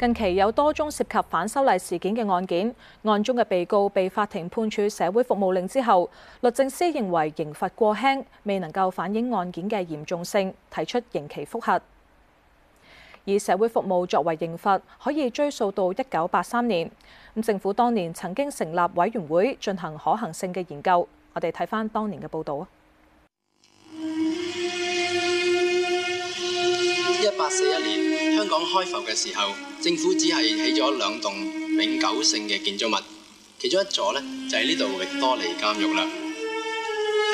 近期有多宗涉及反修例事件嘅案件，案中嘅被告被法庭判處社會服務令之後，律政司認為刑罰過輕，未能夠反映案件嘅嚴重性，提出刑期復核。以社會服務作為刑罰，可以追溯到一九八三年。咁政府當年曾經成立委員會進行可行性嘅研究。我哋睇翻當年嘅報道啊！一八四一年。香港開埠嘅時候，政府只係起咗兩棟永久性嘅建築物，其中一座咧就係呢度，維多利監獄啦。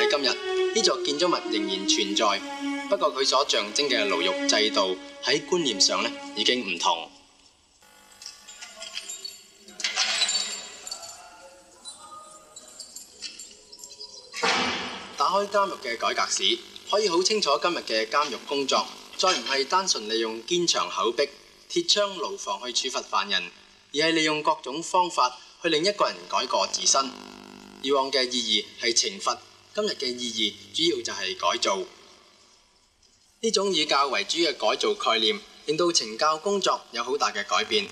喺今日，呢座建築物仍然存在，不過佢所象徵嘅牢獄制度喺觀念上咧已經唔同。打開監獄嘅改革史，可以好清楚今日嘅監獄工作。再唔係單純利用堅牆、口壁、鐵窗、牢房去處罰犯人，而係利用各種方法去令一個人改過自身。以往嘅意義係懲罰，今日嘅意義主要就係改造。呢種以教為主嘅改造概念，令到懲教工作有好大嘅改變。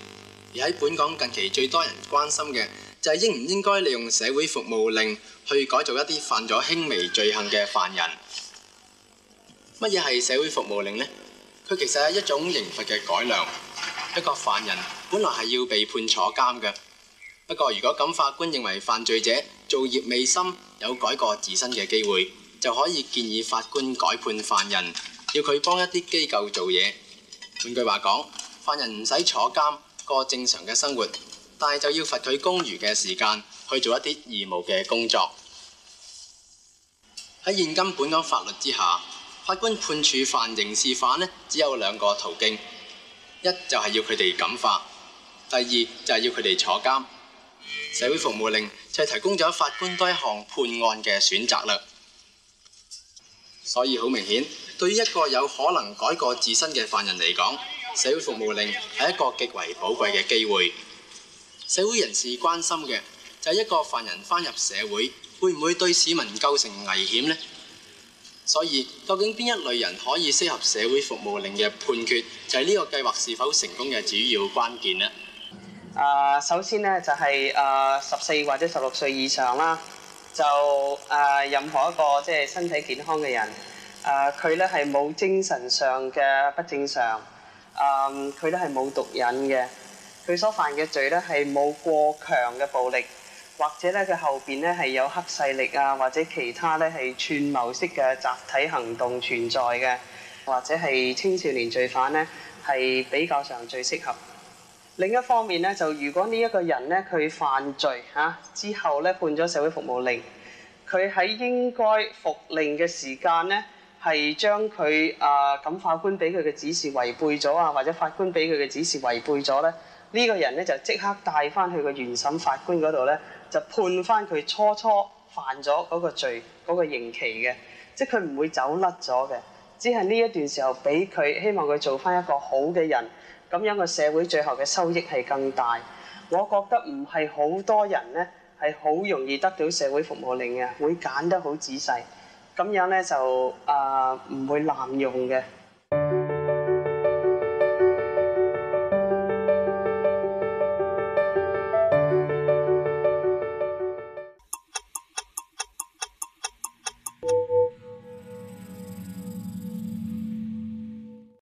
而喺本港近期最多人關心嘅，就係應唔應該利用社會服務令去改造一啲犯咗輕微罪行嘅犯人。乜嘢係社會服務令呢？佢其實係一種刑罰嘅改良。一個犯人本來係要被判坐監嘅，不過如果咁，法官認為犯罪者做業未深，有改過自身嘅機會，就可以建議法官改判犯人，要佢幫一啲機構做嘢。換句話講，犯人唔使坐監，過正常嘅生活，但係就要罰佢工餘嘅時間去做一啲義務嘅工作。喺現今本港法律之下。法官判處犯刑事犯呢，只有兩個途徑，一就係要佢哋感化，第二就係要佢哋坐監。社會服務令就係提供咗法官多一項判案嘅選擇啦。所以好明顯，對於一個有可能改過自新嘅犯人嚟講，社會服務令係一個極為寶貴嘅機會。社會人士關心嘅就係一個犯人返入社會，會唔會對市民構成危險呢？所以，究竟邊一類人可以適合社會服務令嘅判決，就係呢個計劃是否成功嘅主要關鍵呢。啊，首先咧就係啊十四或者十六歲以上啦，就啊任何一個即係身體健康嘅人，啊佢咧係冇精神上嘅不正常，啊佢咧係冇毒癮嘅，佢所犯嘅罪咧係冇過強嘅暴力。或者咧佢後邊咧係有黑勢力啊，或者其他咧係串謀式嘅集體行動存在嘅，或者係青少年罪犯咧係比較上最適合。另一方面咧，就如果呢一個人咧佢犯罪吓之後咧判咗社會服務令，佢喺應該服令嘅時間咧係將佢啊咁法官俾佢嘅指示違背咗啊，或者法官俾佢嘅指示違背咗咧，呢個人咧就即刻帶翻去個原審法官嗰度咧。就判翻佢初初犯咗嗰個罪、嗰個刑期嘅，即係佢唔會走甩咗嘅，只係呢一段時候俾佢希望佢做翻一個好嘅人，咁樣個社會最後嘅收益係更大。我覺得唔係好多人呢係好容易得到社會服務令嘅，會揀得好仔細，咁樣呢，就啊唔會濫用嘅。